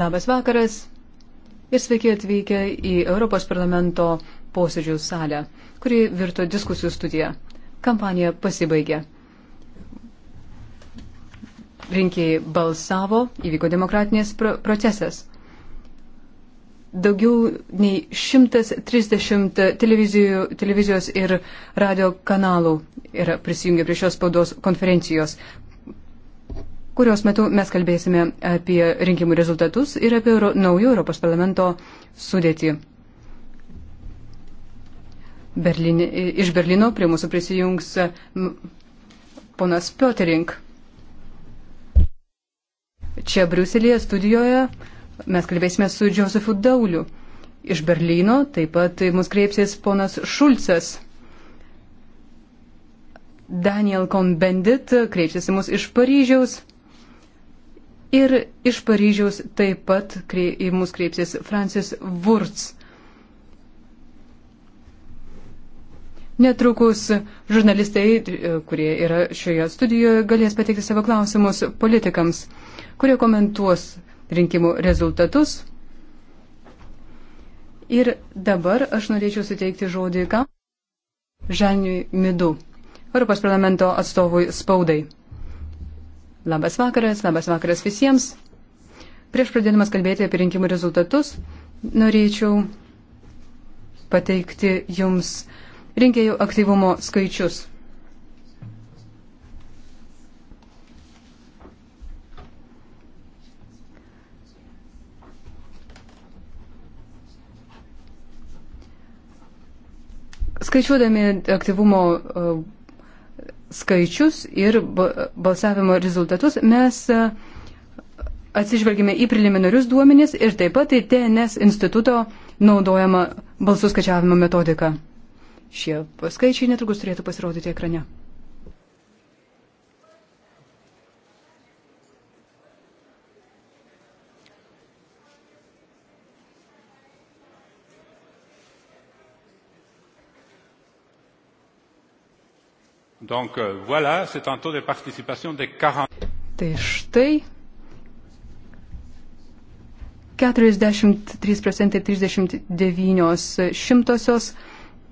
Labas vakaras ir sveiki atvykę į Europos parlamento posėdžių salę, kuri virto diskusijų studija. Kampanija pasibaigė. Rinkėjai balsavo, įvyko demokratinės procesas. Daugiau nei 130 televizijos ir radio kanalų yra prisijungę prie šios spaudos konferencijos kurios metu mes kalbėsime apie rinkimų rezultatus ir apie naujo Europos parlamento sudėtį. Berlin, iš Berlyno prie mūsų prisijungs ponas Piotrink. Čia Briuselėje studijoje mes kalbėsime su Josefu Dauliu. Iš Berlyno taip pat mus kreipsis ponas Šulcas. Daniel Kohn-Bendit kreipsis į mus iš Paryžiaus. Ir iš Paryžiaus taip pat į mus kreipsis Francis Wurz. Netrukus žurnalistai, kurie yra šioje studijoje, galės pateikti savo klausimus politikams, kurie komentuos rinkimų rezultatus. Ir dabar aš norėčiau suteikti žodį ką? Žaniui Midu, Europos parlamento atstovui spaudai. Labas vakaras, labas vakaras visiems. Prieš pradėdamas kalbėti apie rinkimų rezultatus, norėčiau pateikti Jums rinkėjų aktyvumo skaičius. Skaičiuodami aktyvumo uh, skaičius ir balsavimo rezultatus mes e, atsižvelgime į preliminarius duomenis ir taip pat į TNS instituto naudojamą balsų skaičiavimo metodiką. Šie skaičiai netrukus turėtų pasirodyti ekrane. Donc euh, voilà, c'est un taux de participation de 40. Tai štai 43 procentai 39 šimtosios.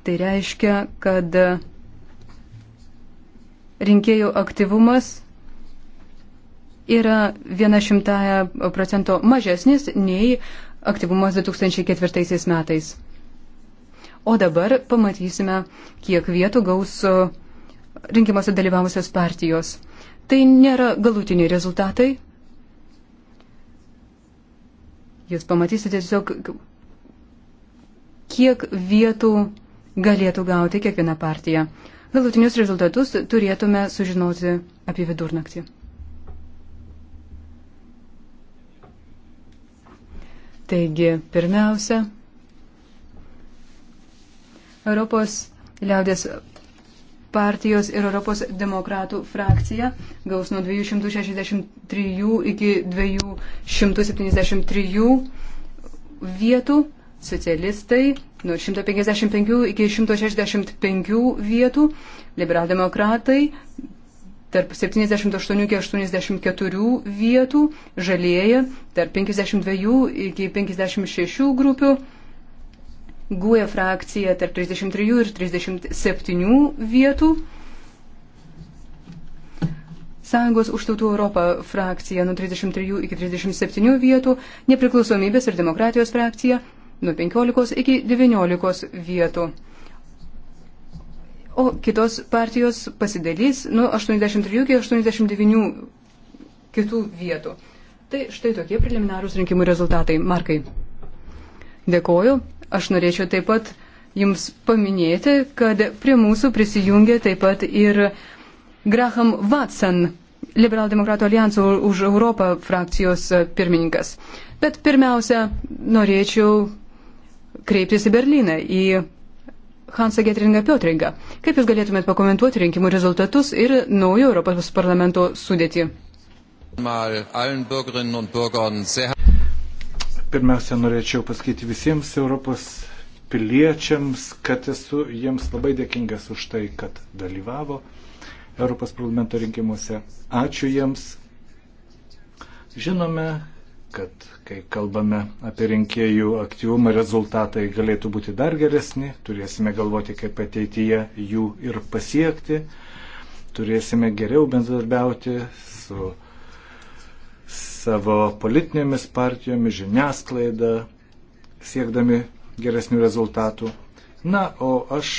Tai reiškia, kad rinkėjų aktyvumas yra viena šimtaja procento mažesnis nei aktyvumas 2004 metais. O dabar pamatysime, kiek vietų gaus rinkimuose dalyvavusios partijos. Tai nėra galutiniai rezultatai. Jūs pamatysite tiesiog, kiek vietų galėtų gauti kiekviena partija. Galutinius rezultatus turėtume sužinoti apie vidurnaktį. Taigi, pirmiausia, Europos liaudės partijos ir Europos demokratų frakcija gaus nuo 263 iki 273 vietų, socialistai nuo 155 iki 165 vietų, liberaldemokratai tarp 78 iki 84 vietų, žalieji tarp 52 iki 56 grupių GUE frakcija tarp 33 ir 37 vietų. Sąjungos už tautų Europą frakcija nuo 33 iki 37 vietų, nepriklausomybės ir demokratijos frakcija nuo 15 iki 19 vietų. O kitos partijos pasidalys nuo 83 iki 89 kitų vietų. Tai štai tokie preliminarūs rinkimų rezultatai. Markai. Dėkoju. Aš norėčiau taip pat Jums paminėti, kad prie mūsų prisijungė taip pat ir Graham Watson, Liberaldemokratų alijanso už Europą frakcijos pirmininkas. Bet pirmiausia, norėčiau kreiptis į Berliną, į Hansą Getringą Piotringą. Kaip Jūs galėtumėt pakomentuoti rinkimų rezultatus ir naujo Europos parlamento sudėtį? Mal allen Bürgerinnen und Bürgern sehr Pirmiausia, norėčiau pasakyti visiems Europos piliečiams, kad esu jiems labai dėkingas už tai, kad dalyvavo Europos parlamento rinkimuose. Ačiū jiems. Žinome, kad kai kalbame apie rinkėjų aktyvumą, rezultatai galėtų būti dar geresni, turėsime galvoti, kaip ateityje jų ir pasiekti, turėsime geriau bendradarbiauti su savo politinėmis partijomis, žiniasklaida, siekdami geresnių rezultatų. Na, o aš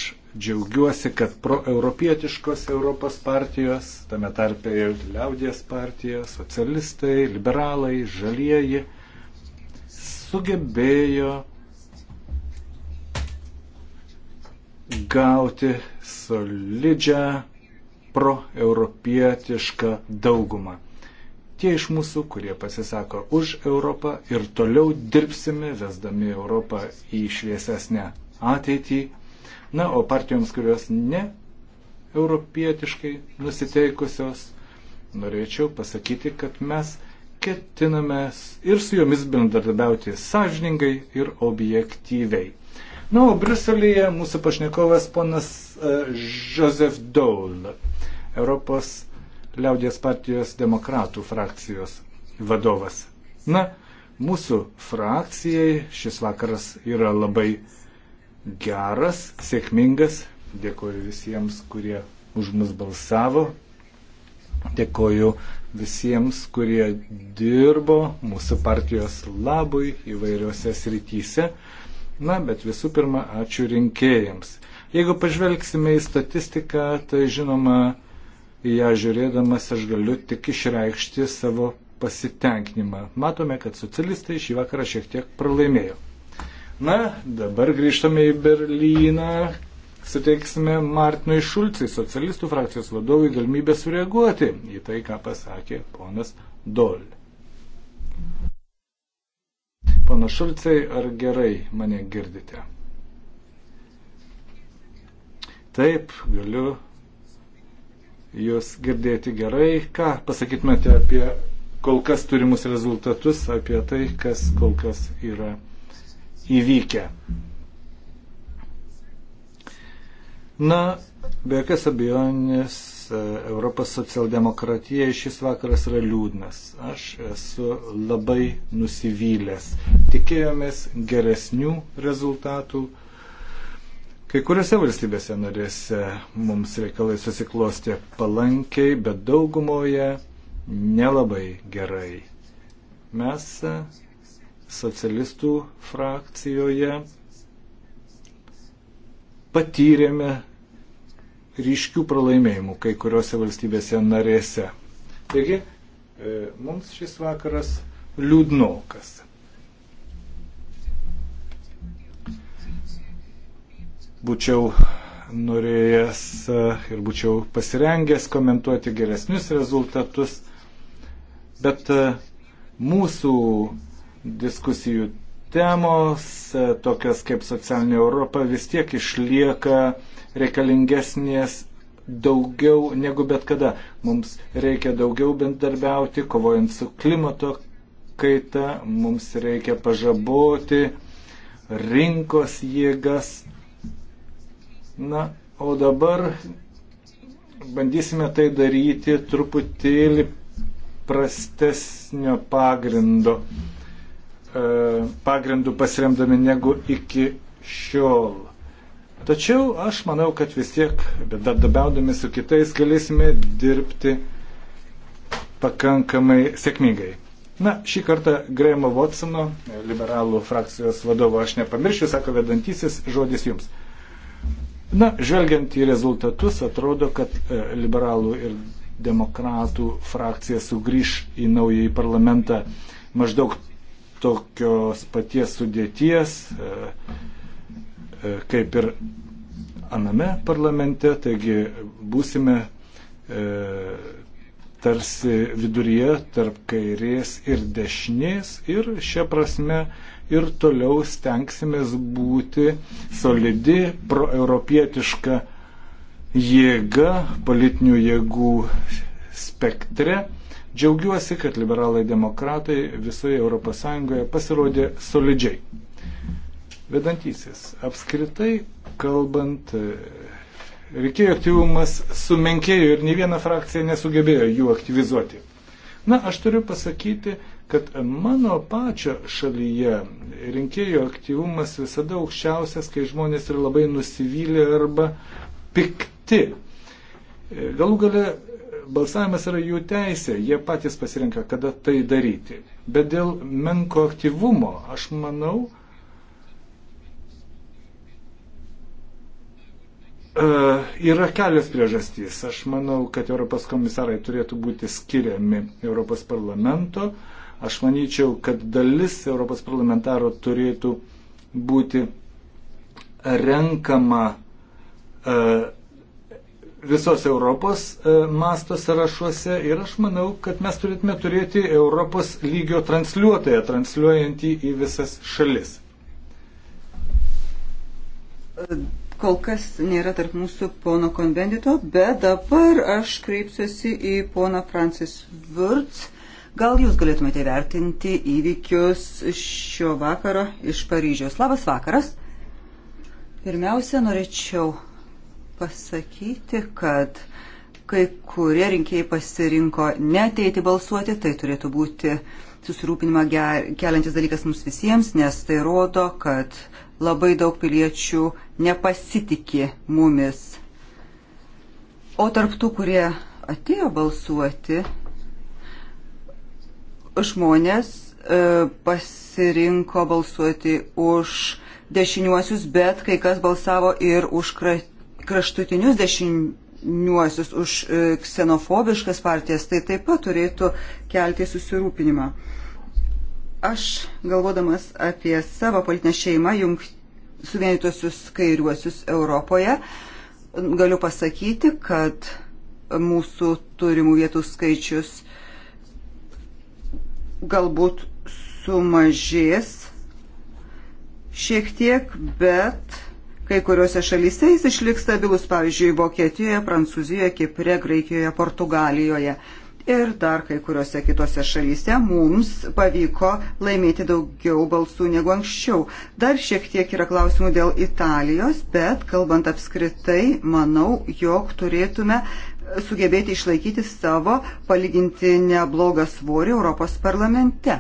džiaugiuosi, kad proeuropietiškos Europos partijos, tame tarpe ir liaudės partija, socialistai, liberalai, žalieji, sugebėjo gauti solidžią proeuropietišką daugumą tie iš mūsų, kurie pasisako už Europą ir toliau dirbsime, vesdami Europą į šviesesnę ateitį. Na, o partijoms, kurios ne europietiškai nusiteikusios, norėčiau pasakyti, kad mes ketiname ir su jomis bendradarbiauti sąžiningai ir objektyviai. Na, o Bruselėje mūsų pašnekovas ponas uh, Joseph Dole, Europos Liaudės partijos demokratų frakcijos vadovas. Na, mūsų frakcijai šis vakaras yra labai geras, sėkmingas. Dėkoju visiems, kurie už mus balsavo. Dėkoju visiems, kurie dirbo mūsų partijos labui įvairiose srityse. Na, bet visų pirma, ačiū rinkėjams. Jeigu pažvelgsime į statistiką, tai žinoma, į ją žiūrėdamas aš galiu tik išreikšti savo pasitenkinimą. Matome, kad socialistai šį vakarą šiek tiek pralaimėjo. Na, dabar grįžtame į Berlyną. Suteiksime Martinui Šulcai, socialistų frakcijos vadovui, galimybę sureaguoti į tai, ką pasakė ponas Dol. Pana Šulcai, ar gerai mane girdite? Taip, galiu jūs girdėti gerai. Ką pasakytumėte apie kol kas turimus rezultatus, apie tai, kas kol kas yra įvykę? Na, be jokios abejonės, Europos socialdemokratija šis vakaras yra liūdnas. Aš esu labai nusivylęs. Tikėjomės geresnių rezultatų Kai kuriuose valstybėse narėse mums reikalai susiklostė palankiai, bet daugumoje nelabai gerai. Mes socialistų frakcijoje patyrėme ryškių pralaimėjimų kai kuriuose valstybėse narėse. Taigi, e, mums šis vakaras liūdnokas. būčiau norėjęs e, ir būčiau pasirengęs komentuoti geresnius rezultatus, bet e, mūsų diskusijų temos, e, tokios kaip socialinė Europa, vis tiek išlieka reikalingesnės daugiau negu bet kada. Mums reikia daugiau bendarbiauti, kovojant su klimato kaita, mums reikia pažaboti rinkos jėgas Na, o dabar bandysime tai daryti truputėlį prastesnio pagrindo, e, pagrindų pasiremdami negu iki šiol. Tačiau aš manau, kad vis tiek, bedardabiaudami su kitais, galėsime dirbti pakankamai sėkmingai. Na, šį kartą Grahamo Watsono, liberalų frakcijos vadovo, aš nepamiršiu, sako vedantysis, žodis jums. Na, žvelgiant į rezultatus, atrodo, kad e, liberalų ir demokratų frakcija sugrįž į naująjį parlamentą maždaug tokios paties sudėties, e, e, kaip ir aname parlamente, taigi būsime tarsi viduryje tarp kairės ir dešinės ir šia prasme ir toliau stengsimės būti solidi, proeuropietiška jėga politinių jėgų spektre. Džiaugiuosi, kad liberalai demokratai visoje ES pasirodė solidžiai. Vedantysis, apskritai kalbant, reikėjo aktyvumas sumenkėjo ir ne viena frakcija nesugebėjo jų aktyvizuoti. Na, aš turiu pasakyti, kad mano pačio šalyje rinkėjų aktyvumas visada aukščiausias, kai žmonės yra labai nusivylę arba pikti. Galų gale balsavimas yra jų teisė, jie patys pasirinka, kada tai daryti. Bet dėl menko aktyvumo, aš manau, e, yra kelios priežastys. Aš manau, kad Europos komisarai turėtų būti skiriami Europos parlamento. Uh, Aš manyčiau, kad dalis Europos parlamentaro turėtų būti renkama e, visos Europos e, masto sąrašuose ir aš manau, kad mes turėtume turėti Europos lygio transliuotoją, transliuojantį į visas šalis. Kol kas nėra tarp mūsų pono konvendito, bet dabar aš kreipsiuosi į poną Francis Wurtz Gal jūs galėtumėte vertinti įvykius šio vakaro iš Paryžiaus? Labas vakaras. Pirmiausia, norėčiau pasakyti, kad kai kurie rinkėjai pasirinko neteiti balsuoti, tai turėtų būti susirūpinimą keliantis dalykas mums visiems, nes tai rodo, kad labai daug piliečių nepasitikė mumis. O tarptų, kurie atėjo balsuoti, žmonės e, pasirinko balsuoti už dešiniuosius, bet kai kas balsavo ir už kraštutinius dešiniuosius, už e, ksenofobiškas partijas, tai taip pat turėtų kelti susirūpinimą. Aš, galvodamas apie savo politinę šeimą, suvienytosius kairiuosius Europoje, galiu pasakyti, kad mūsų turimų vietų skaičius galbūt sumažės šiek tiek, bet kai kuriuose šalyse jis išliks stabilus, pavyzdžiui, Vokietijoje, Prancūzijoje, Kipre, Graikijoje, Portugalijoje. Ir dar kai kuriuose kitose šalyse mums pavyko laimėti daugiau balsų negu anksčiau. Dar šiek tiek yra klausimų dėl Italijos, bet kalbant apskritai, manau, jog turėtume sugebėti išlaikyti savo palyginti neblogą svorį Europos parlamente.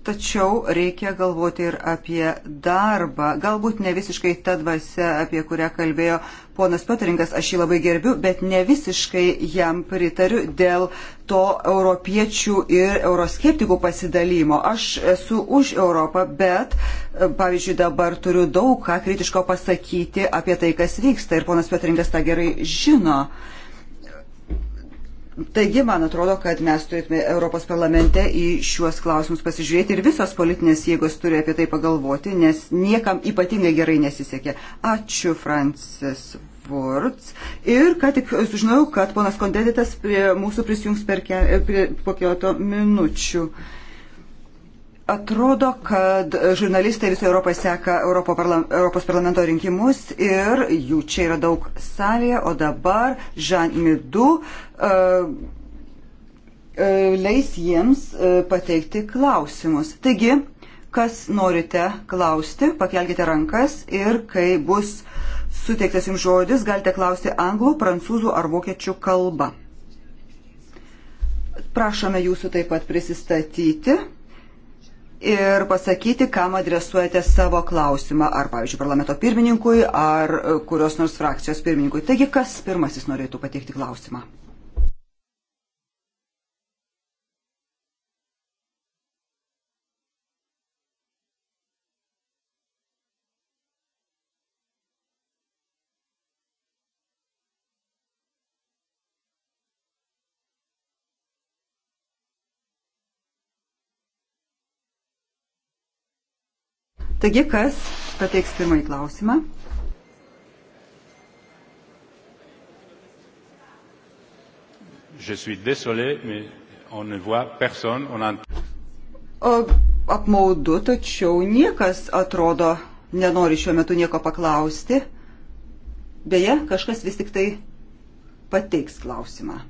Tačiau reikia galvoti ir apie darbą. Galbūt ne visiškai ta dvasia, apie kurią kalbėjo ponas Petringas, aš jį labai gerbiu, bet ne visiškai jam pritariu dėl to europiečių ir euroskeptikų pasidalymo. Aš esu už Europą, bet, pavyzdžiui, dabar turiu daug ką kritiško pasakyti apie tai, kas vyksta ir ponas Petringas tą gerai žino. Uh, Taigi, man atrodo, kad mes turėtume Europos parlamente į šiuos klausimus pasižiūrėti ir visos politinės jėgos turi apie tai pagalvoti, nes niekam ypatingai gerai nesisekė. Ačiū, Francis. Words. Ir ką tik sužinojau, kad ponas Kondeditas prie mūsų prisijungs per ke, prie, po keletą minučių. Uh, Atrodo, kad žurnalistai visoje Europoje seka Europos parlamento rinkimus ir jų čia yra daug salėje, o dabar Žan Midu uh, leis jiems e, pateikti klausimus. Taigi, kas norite klausti, pakelkite rankas ir kai bus suteiktas jums žodis, galite klausti anglų, prancūzų ar vokiečių kalbą. Prašome jūsų taip pat prisistatyti ir pasakyti, kam adresuojate savo klausimą, ar, pavyzdžiui, parlamento pirmininkui, ar e, kurios nors frakcijos pirmininkui. Taigi, kas pirmasis norėtų pateikti klausimą? Taigi, kas pateiks pirmąjį klausimą? Je suis désolé, mais on ne voit personne. On ent... o, apmaudu, tačiau niekas atrodo nenori šiuo metu nieko paklausti. Beje, kažkas vis tik tai pateiks klausimą.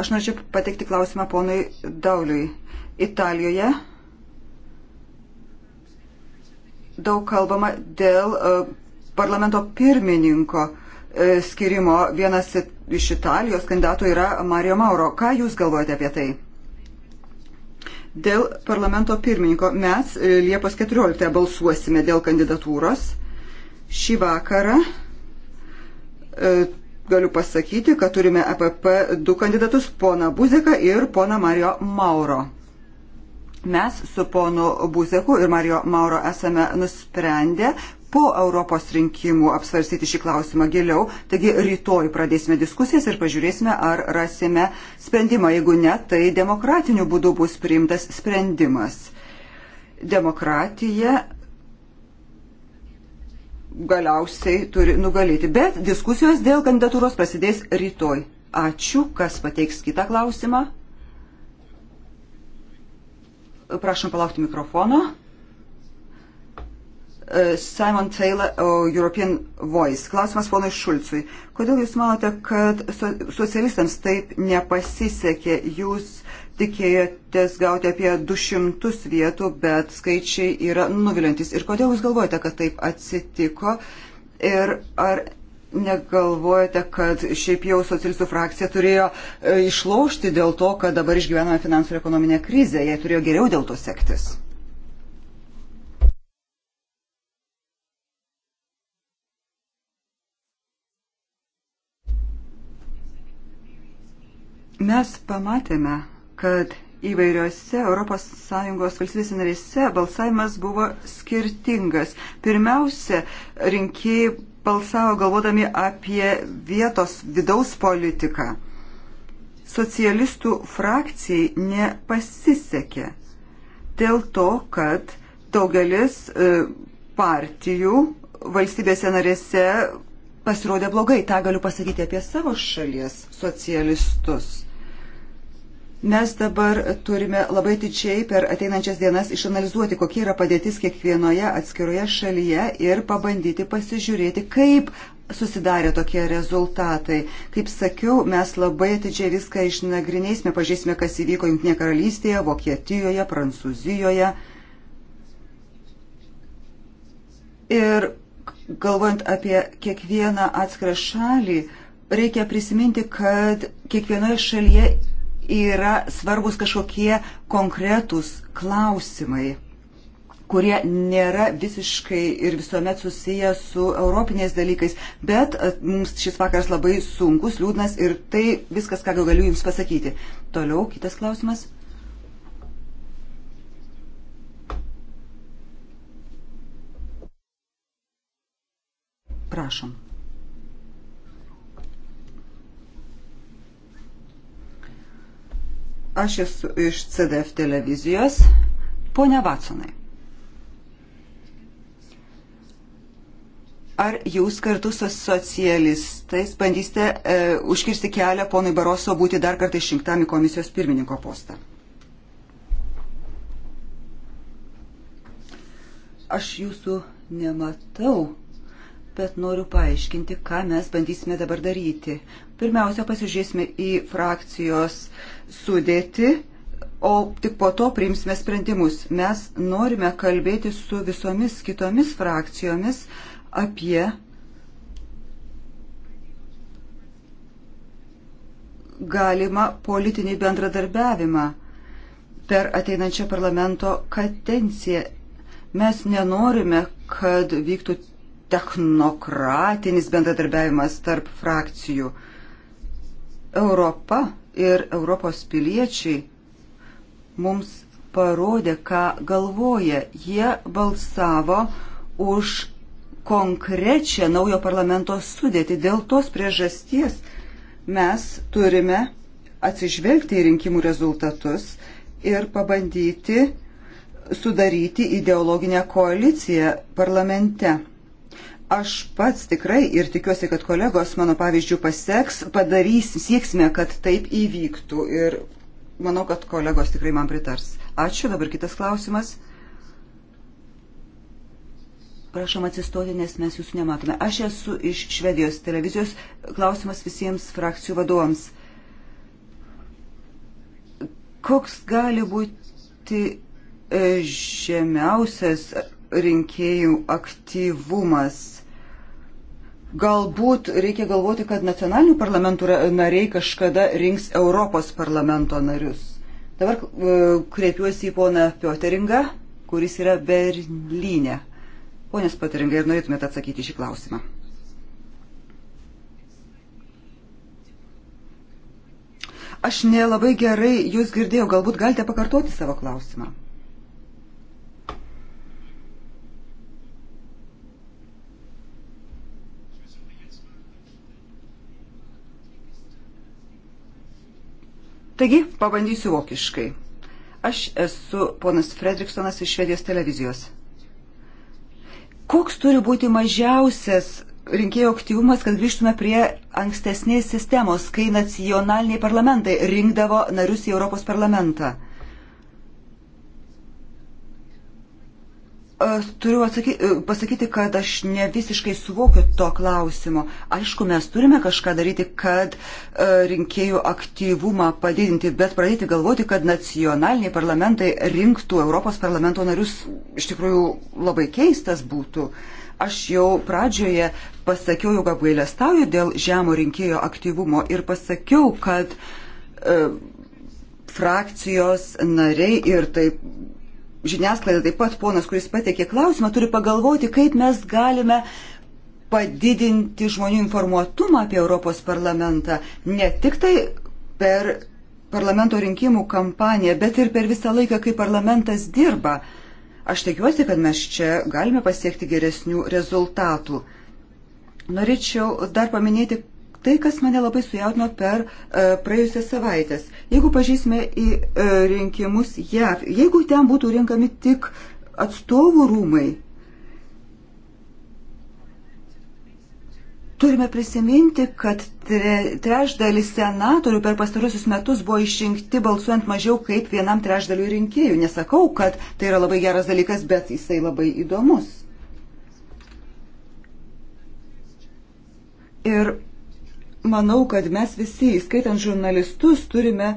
Aš norėčiau pateikti klausimą ponui Dauliui. Italijoje daug kalbama dėl e, parlamento pirmininko e, skirimo. Vienas iš Italijos kandidatų yra Mario Mauro. Ką Jūs galvojate apie tai? Dėl parlamento pirmininko mes e, Liepos 14 balsuosime dėl kandidatūros. Šį vakarą galiu pasakyti, kad turime EPP du kandidatus, poną Buzeką ir poną Mario Mauro. Mes su ponu Buzeku ir Mario Mauro esame nusprendę po Europos rinkimų apsvarstyti šį klausimą giliau. Taigi rytoj pradėsime diskusijas ir pažiūrėsime, ar rasime sprendimą. Jeigu ne, tai demokratiniu būdu bus priimtas sprendimas. Demokratija galiausiai turi nugalėti. Bet diskusijos dėl kandidatūros prasidės rytoj. Ačiū, kas pateiks kitą klausimą. Prašom palaukti mikrofono. E, Simon Taylor, European Voice. Klausimas ponui Šulcui. Kodėl jūs manote, kad socialistams taip nepasisekė? Jūs tikėjotės gauti apie 200 vietų, bet skaičiai yra nuvilintis. Ir kodėl Jūs galvojate, kad taip atsitiko? Ir ar negalvojate, kad šiaip jau socialistų frakcija turėjo e, išlošti dėl to, kad dabar išgyvename finansų ir ekonominę krizę, jie turėjo geriau dėl to sektis? Mes pamatėme, kad įvairiose ES valstybės narėse balsavimas buvo skirtingas. Pirmiausia, rinkėjai balsavo galvodami apie vietos vidaus politiką. Socialistų frakcijai nepasisekė dėl to, kad daugelis e, partijų valstybėse narėse pasirodė blogai. Ta galiu pasakyti apie savo šalies socialistus. Mes dabar turime labai tyčiai per ateinančias dienas išanalizuoti, kokia yra padėtis kiekvienoje atskiroje šalyje ir pabandyti pasižiūrėti, kaip susidarė tokie rezultatai. Kaip sakiau, mes labai atidžiai viską išnagrinėsime, pažiūrėsime, kas įvyko Junktinėje karalystėje, Vokietijoje, Prancūzijoje. Ir galvojant apie kiekvieną atskirą šalį, reikia prisiminti, kad kiekvienoje šalyje yra svarbus kažkokie konkretūs klausimai kurie nėra visiškai ir visuomet susiję su europiniais dalykais, bet e, mums šis vakaras labai sunkus, liūdnas ir tai viskas, ką galiu Jums pasakyti. Toliau kitas klausimas. Prašom. Aš esu iš CDF televizijos. Pone Vatsonai, ar jūs kartu su socialistais bandysite e, užkirsti kelią ponui Baroso būti dar kartą išrinktam į komisijos pirmininko postą? Aš jūsų nematau bet noriu paaiškinti, ką mes bandysime dabar daryti. Pirmiausia, pasižiūrėsime į frakcijos sudėti, o tik po to priimsime sprendimus. Mes norime kalbėti su visomis kitomis frakcijomis apie galimą politinį bendradarbiavimą per ateinančią parlamento kadenciją. Mes nenorime, kad vyktų technokratinis bendradarbiavimas tarp frakcijų. Europa ir Europos piliečiai mums parodė, ką galvoja. Jie balsavo už konkrečią naujo parlamento sudėtį. Dėl tos priežasties mes turime atsižvelgti į rinkimų rezultatus ir pabandyti sudaryti ideologinę koaliciją parlamente. Aš pats tikrai ir tikiuosi, kad kolegos mano pavyzdžių paseks, padarys, sieksime, kad taip įvyktų ir manau, kad kolegos tikrai man pritars. Ačiū, dabar kitas klausimas. Prašom atsistoti, nes mes jūsų nematome. Aš esu iš Švedijos televizijos. Klausimas visiems frakcijų vadovams. Koks gali būti e, žemiausias rinkėjų aktyvumas Galbūt reikia galvoti, kad nacionalinių parlamentų nariai kažkada rinks Europos parlamento narius. Dabar e, kreipiuosi į poną Pioteringą, kuris yra Berlyne. Ponės Pioteringą, ir norėtumėte atsakyti šį klausimą. Aš nelabai gerai jūs girdėjau, galbūt galite pakartoti savo klausimą. Taigi, pabandysiu vokiškai. Aš esu ponas Fredriksonas iš Švedijos televizijos. Koks turi būti mažiausias rinkėjų aktyvumas, kad grįžtume prie ankstesnės sistemos, kai nacionaliniai parlamentai rinkdavo narius į Europos parlamentą? E, turiu atsakyti, e, pasakyti, kad aš ne visiškai suvokiu to klausimo. Aišku, mes turime kažką daryti, kad e, rinkėjų aktyvumą padidinti, bet pradėti galvoti, kad nacionaliniai parlamentai rinktų Europos parlamento narius, iš tikrųjų labai keistas būtų. Aš jau pradžioje pasakiau, jog apgailestauju dėl žemo rinkėjo aktyvumo ir pasakiau, kad e, frakcijos nariai ir taip žiniasklaida, taip pat ponas, kuris patekė klausimą, turi pagalvoti, kaip mes galime padidinti žmonių informuotumą apie Europos parlamentą, ne tik tai per parlamento rinkimų kampaniją, bet ir per visą laiką, kai parlamentas dirba. Aš tikiuosi, kad mes čia galime pasiekti geresnių rezultatų. Norėčiau dar paminėti tai, kas mane labai sujautino per uh, praėjusias savaitės. Jeigu pažįsime į e, rinkimus JAV, jeigu ten būtų rinkami tik atstovų rūmai, turime prisiminti, kad tre, trešdalis senatorių per pastarusius metus buvo išrinkti balsuojant mažiau kaip vienam trešdaliu rinkėjų. Nesakau, kad tai yra labai geras dalykas, bet jisai labai įdomus. Ir manau, kad mes visi, įskaitant žurnalistus, turime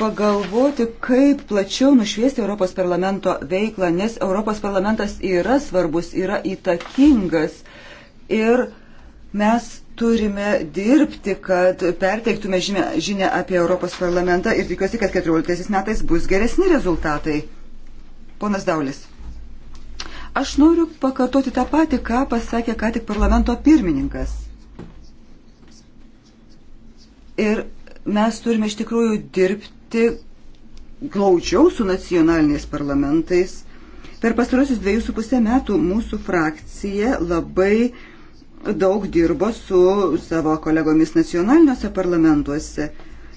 pagalvoti, kaip plačiau nušviesti Europos parlamento veiklą, nes Europos parlamentas yra svarbus, yra įtakingas ir mes turime dirbti, kad perteiktume žinę, žinę apie Europos parlamentą ir tikiuosi, kad 14 metais bus geresni rezultatai. Ponas Daulis. Aš noriu pakartoti tą patį, ką pasakė ką tik parlamento pirmininkas. Ir mes turime iš tikrųjų dirbti glaudžiau su nacionaliniais parlamentais. Per pastarosius dviejus su pusę metų mūsų frakcija labai daug dirbo su savo kolegomis nacionaliniuose parlamentuose.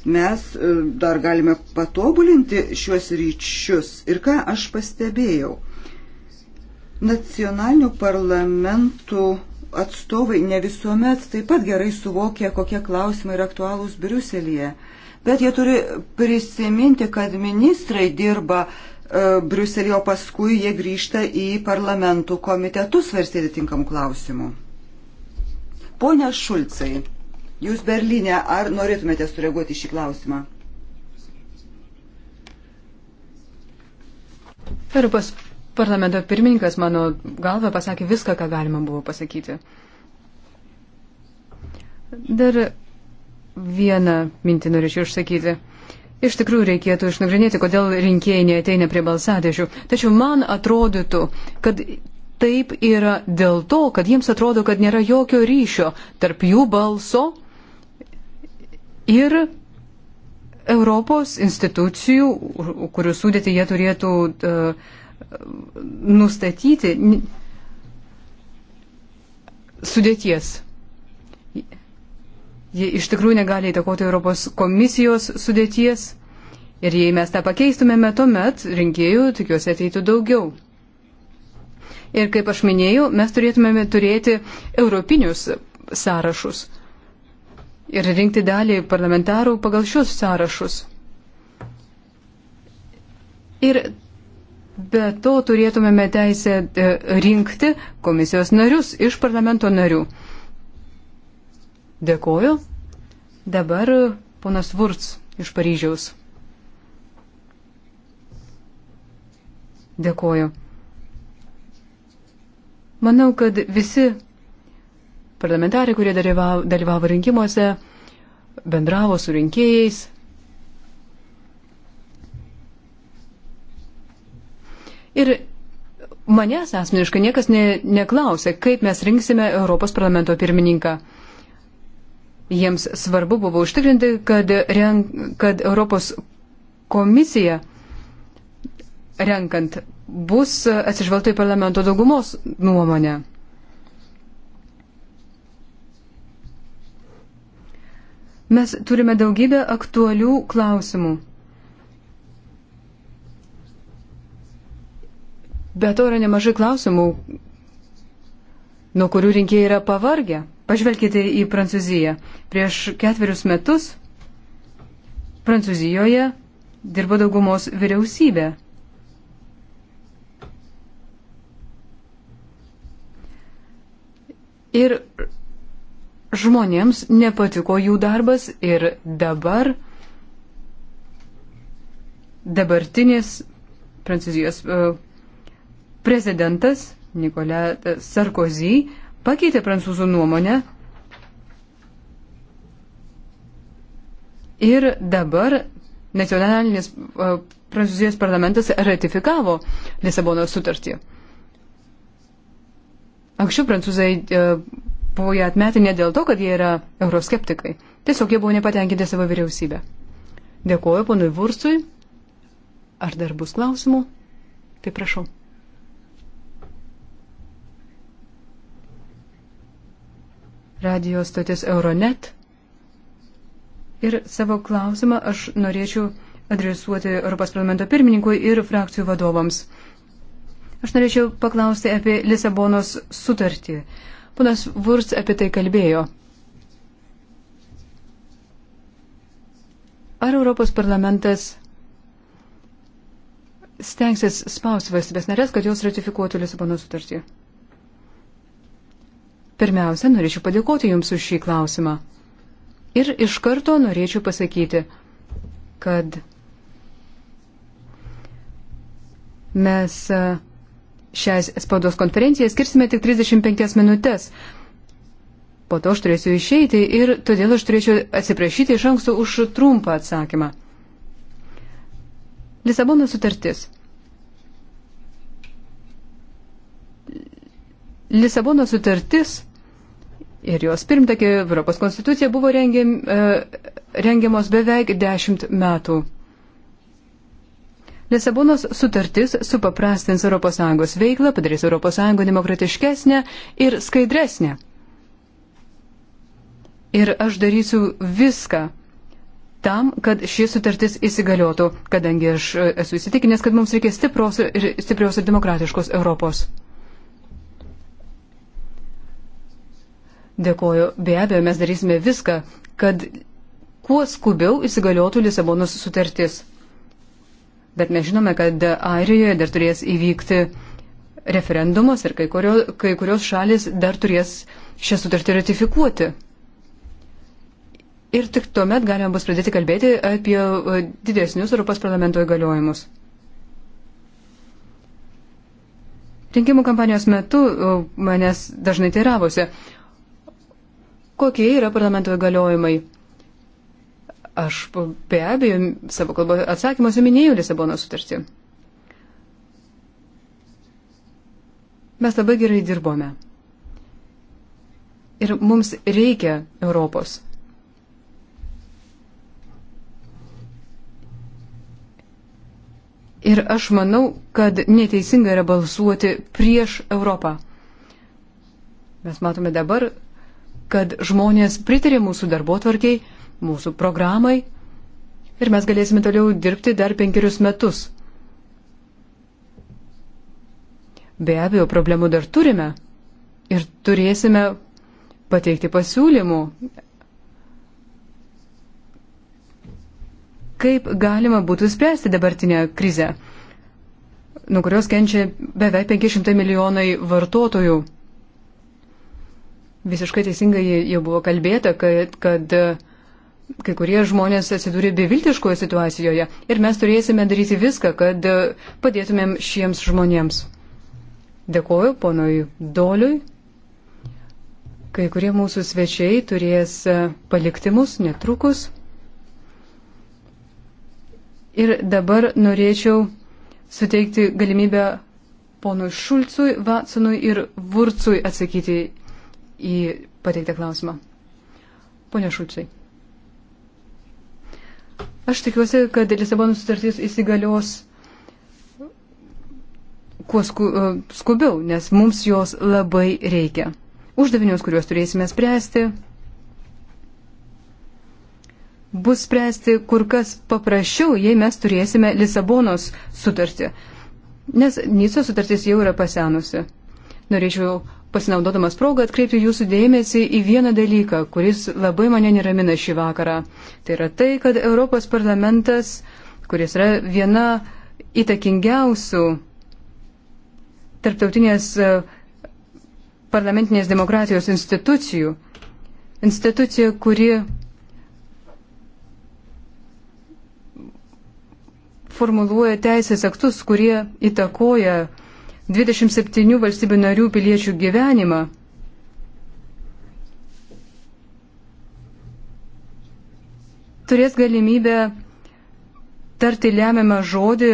Mes e, dar galime patobulinti šiuos ryčius. Ir ką aš pastebėjau? Nacionalinių parlamentų atstovai ne visuomet taip pat gerai suvokia, kokie klausimai yra aktualūs Briuselėje. Bet jie turi prisiminti, kad ministrai dirba e, Briuselėje, o paskui jie grįžta į parlamentų komitetus svarstyti tinkamų klausimų. Pone Šulcai, jūs Berlyne, ar norėtumėte sureaguoti šį klausimą? Europos parlamento pirmininkas mano galva pasakė viską, ką galima buvo pasakyti. Dar vieną mintį norėčiau išsakyti. Iš tikrųjų reikėtų išnagrinėti, kodėl rinkėjai neteina prie balsadėžių. Tačiau man atrodytų, kad taip yra dėl to, kad jiems atrodo, kad nėra jokio ryšio tarp jų balso ir Europos institucijų, kurių sudėti jie turėtų uh, nustatyti sudėties. Ji iš tikrųjų negali įtakoti Europos komisijos sudėties ir jei mes tą pakeistumėme, tuomet rinkėjų tikiuosi ateitų daugiau. Ir kaip aš minėjau, mes turėtumėme turėti europinius sąrašus ir rinkti dalį parlamentarų pagal šios sąrašus. Ir Be to turėtumėme teisę e, rinkti komisijos narius iš parlamento narių. Dėkoju. Dabar ponas Vurts iš Paryžiaus. Dėkoju. Manau, kad visi parlamentarai, kurie dalyvavo, dalyvavo rinkimuose, bendravo su rinkėjais, Ir manęs asmeniškai niekas ne, neklausė, kaip mes rinksime Europos parlamento pirmininką. Jiems svarbu buvo užtikrinti, kad, renk, kad Europos komisija renkant bus atsižvelgta į parlamento daugumos nuomonę. Mes turime daugybę aktualių klausimų. Be to yra nemažai klausimų, nuo kurių rinkėjai yra pavargę. Pažvelkite į Prancūziją. Prieš ketverius metus Prancūzijoje dirbo daugumos vyriausybė. Ir žmonėms nepatiko jų darbas ir dabar dabartinis Prancūzijos uh, prezidentas Nikolė Sarkozy pakeitė prancūzų nuomonę ir dabar nacionalinis e, prancūzijos parlamentas ratifikavo Lisabono sutartį. Anksčiau prancūzai e, buvo ją atmetę ne dėl to, kad jie yra euroskeptikai. Tiesiog jie buvo nepatenkinti savo vyriausybę. Dėkuoju ponui Vursui. Ar dar bus klausimų? Tai prašau. radijos stotis Euronet. Ir savo klausimą aš norėčiau adresuoti Europos parlamento pirmininkui ir frakcijų vadovams. Aš norėčiau paklausti apie Lisabonos sutartį. Ponas Vurs apie tai kalbėjo. Ar Europos parlamentas stengsis spausti valstybės narės, kad jos ratifikuotų Lisabonos sutartį? Pirmiausia, norėčiau padėkoti Jums už šį klausimą. Ir iš karto norėčiau pasakyti, kad mes e, šią spaudos konferenciją skirsime tik 35 minutės. Po to aš turėsiu išeiti ir todėl aš turėčiau atsiprašyti iš anksto už trumpą atsakymą. Lisabono sutartis. Lisabono sutartis ir jos pirmtakė Europos konstitucija buvo rengiam, e, rengiamos beveik dešimt metų. Lisabonos sutartis supaprastins ES veiklą, padarys ES demokratiškesnę ir skaidresnę. Ir aš darysiu viską tam, kad ši sutartis įsigaliotų, kadangi aš e, esu įsitikinęs, kad mums reikės stiprios ir, stiprios ir demokratiškos Europos. Dėkoju. Be abejo, mes darysime viską, kad kuo skubiau įsigaliotų Lisabonos sutartis. Bet mes žinome, kad Airijoje dar turės įvykti referendumas ir kai, kurio, kai kurios šalis dar turės šią sutartį ratifikuoti. Ir tik tuomet galima bus pradėti kalbėti apie e, didesnius Europos parlamento įgaliojimus. Rinkimų kampanijos metu e, manęs dažnai teiravosi, kokie yra parlamento įgaliojimai. Aš be abejo savo kalbą atsakymuose minėjau Lisabono sutartį. Mes labai gerai dirbome. Ir mums reikia Europos. Ir aš manau, kad neteisinga yra balsuoti prieš Europą. Mes matome dabar, kad žmonės pritarė mūsų darbo tvarkiai, mūsų programai ir mes galėsime toliau dirbti dar penkerius metus. Be abejo, problemų dar turime ir turėsime pateikti pasiūlymų, kaip galima būtų spręsti dabartinę krizę, nuo kurios kenčia beveik 500 milijonai vartotojų. Visiškai teisingai jau buvo kalbėta, kad, kad e, kai kurie žmonės atsidūrė beviltiškoje situacijoje ir mes turėsime daryti viską, kad e, padėtumėm šiems žmonėms. Dėkoju ponui Doliui. Kai kurie mūsų svečiai turės e, palikti mus netrukus. Ir dabar norėčiau suteikti galimybę ponui Šulcui, Vatsonui ir Vurcui atsakyti į pateiktą klausimą. Pone Šulcai. Aš tikiuosi, kad Lisabonos sutartis įsigalios kuo sku, e, skubiau, nes mums jos labai reikia. Uždavinius, kuriuos turėsime spręsti, bus spręsti kur kas paprasčiau, jei mes turėsime Lisabonos sutartį. Nes Niso sutartis jau yra pasenusi. Norėčiau pasinaudodamas progą, atkreipti jūsų dėmesį į vieną dalyką, kuris labai mane neramina šį vakarą. Tai yra tai, kad Europos parlamentas, kuris yra viena įtakingiausių tarptautinės e, parlamentinės demokratijos institucijų, institucija, kuri formuluoja teisės aktus, kurie įtakoja 27 valstybių narių piliečių gyvenimą, turės galimybę tarti lemiamą žodį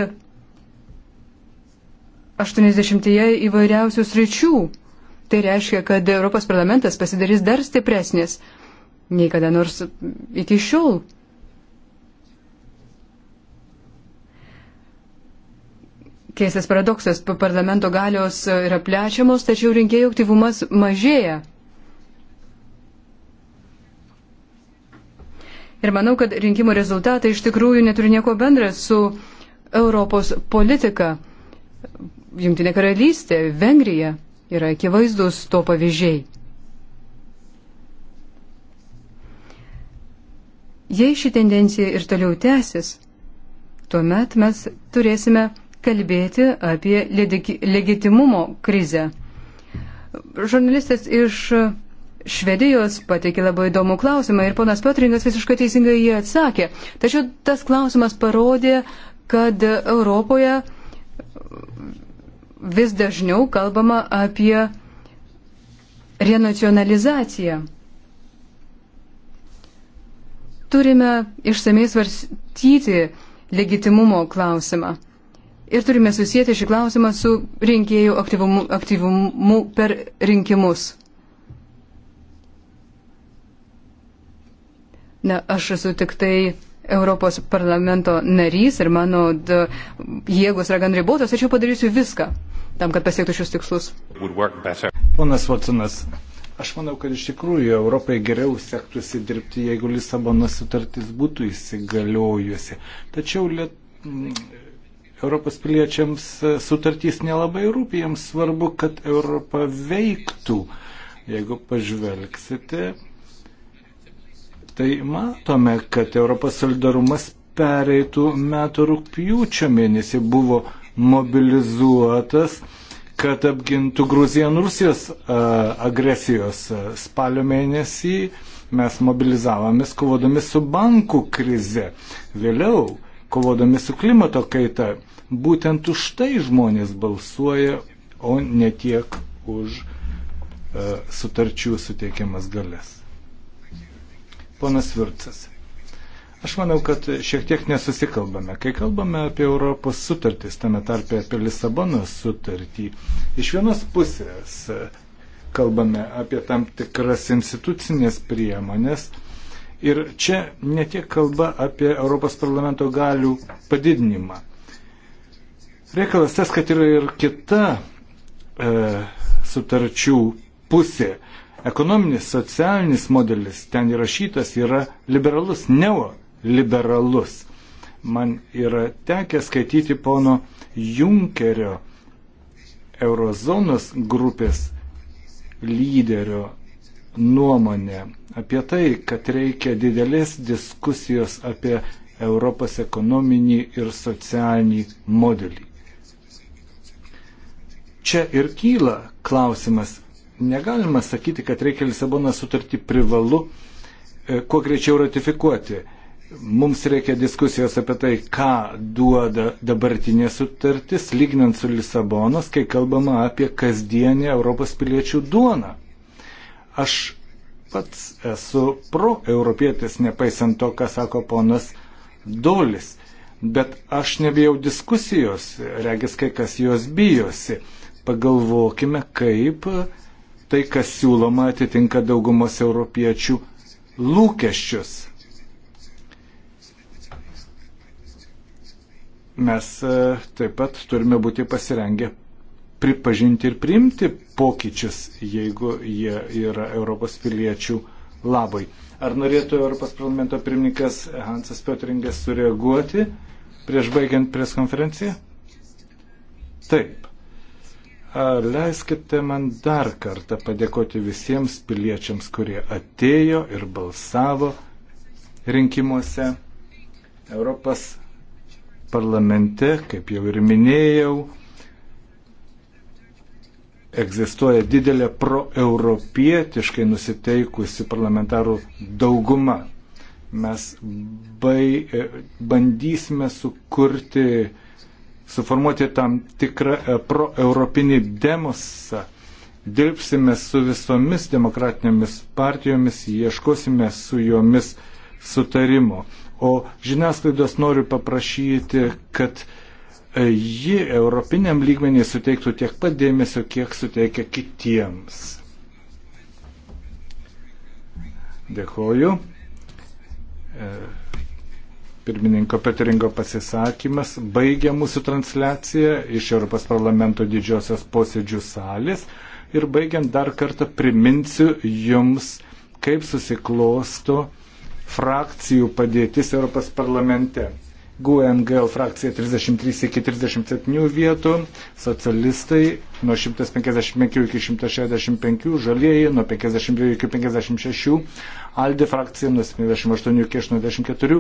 80 įvairiausių sričių. Tai reiškia, kad Europos parlamentas pasidarys dar stipresnis nei kada nors iki šiol. keistas paradoksas, parlamento galios yra plečiamos, tačiau rinkėjų aktyvumas mažėja. Ir manau, kad rinkimų rezultatai iš tikrųjų neturi nieko bendra su Europos politika. Junktinė karalystė, Vengrija yra akivaizdus to pavyzdžiai. Jei ši tendencija ir toliau tęsis, tuomet mes turėsime kalbėti apie legitimumo krizę. Žurnalistas iš Švedijos pateikė labai įdomų klausimą ir ponas Patringas visiškai teisingai jį atsakė. Tačiau tas klausimas parodė, kad Europoje vis dažniau kalbama apie renacionalizaciją. Turime išsamei svarstyti legitimumo klausimą ir turime susijęti šį klausimą su rinkėjų aktyvumu, aktyvumu per rinkimus. Na, aš esu tik tai Europos parlamento narys ir mano d, jėgos yra gan ribotos, tačiau padarysiu viską tam, kad pasiektų šius tikslus. Ponas Vatsonas, aš manau, kad iš tikrųjų Europai geriau sektųsi dirbti, jeigu Lisabono sutartis būtų įsigaliojusi. Tačiau liet... Europos piliečiams e, sutartys nelabai rūpi, jiems svarbu, kad Europa veiktų. Jeigu pažvelgsite, tai matome, kad Europos solidarumas pereitų metų rūpjūčio mėnesį buvo mobilizuotas, kad apgintų Gruziją nuo Rusijos e, agresijos. E, spalio mėnesį mes mobilizavomės kovodami su bankų krize. Vėliau kovodami su klimato kaita. Būtent už tai žmonės balsuoja, o ne tiek už uh, sutarčių suteikiamas galės. Ponas Virtsas. Aš manau, kad šiek tiek nesusikalbame. Kai kalbame apie Europos sutartis, tame tarpe apie Lisabonos sutartį, iš vienos pusės e, kalbame apie tam tikras institucinės priemonės, Ir čia netiek kalba apie Europos parlamento galių padidinimą. Reikalas tas, kad yra ir kita e, sutarčių pusė. Ekonominis, socialinis modelis ten įrašytas yra liberalus, neoliberalus. Man yra tekę skaityti pono Junkerio eurozonos grupės lyderio nuomonę apie tai, kad reikia didelės diskusijos apie Europos ekonominį ir socialinį modelį. Čia ir kyla klausimas. Negalima sakyti, kad reikia Lisaboną sutartį privalu e, kuo greičiau ratifikuoti. Mums reikia diskusijos apie tai, ką duoda dabartinė sutartis, lygnant su Lisabonos, kai kalbama apie kasdienį Europos piliečių duoną. Aš pats esu pro-europietis, nepaisant to, ką sako ponas Dolis. Bet aš nebijau diskusijos, regis kai kas jos bijosi. Pagalvokime, kaip tai, kas siūloma, atitinka daugumos europiečių lūkesčius. Mes e, taip pat turime būti pasirengę pripažinti ir priimti pokyčius, jeigu jie yra Europos piliečių labai. Ar norėtų Europos parlamento pirmininkas Hansas Piotringas sureaguoti prieš baigiant pres konferenciją? Taip. Leiskite man dar kartą padėkoti visiems piliečiams, kurie atėjo ir balsavo rinkimuose. Europos parlamente, kaip jau ir minėjau, egzistuoja didelė proeuropietiškai nusiteikusi parlamentarų dauguma. Mes bai, e, bandysime sukurti, suformuoti tam tikrą e, proeuropinį demosą. Dirbsime su visomis demokratinėmis partijomis, ieškosime su jomis sutarimo. O žiniasklaidos noriu paprašyti, kad uh, ji europiniam lygmenį suteiktų tiek pat dėmesio, kiek suteikia kitiems. Dėkoju. E, pirmininko Peteringo pasisakymas baigia mūsų transliaciją iš Europos parlamento didžiosios posėdžių salės. Ir baigiant dar kartą priminsiu jums, kaip susiklosto frakcijų padėtis Europos parlamente. GUNGL frakcija 33 iki 37 vietų, socialistai nuo 155 iki 165, žalieji nuo 52 iki 56, ALDE frakcija nuo 78 iki 84,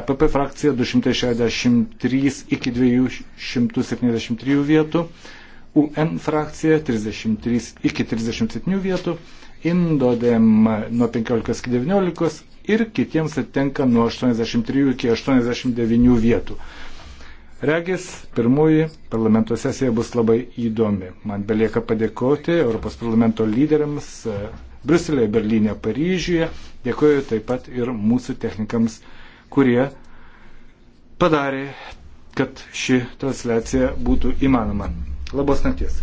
EPP frakcija 263 iki 273 vietų, UN frakcija 33 iki 37 vietų, Indodem nuo 15 iki 19, ir kitiems atitenka nuo 83 iki 89 vietų. Regis, pirmoji parlamento sesija bus labai įdomi. Man belieka padėkoti Europos parlamento lyderiams e, Bruselėje, Berlyne, Paryžiuje. Dėkoju taip pat ir mūsų technikams, kurie padarė, kad ši transliacija būtų įmanoma. Labos nakties.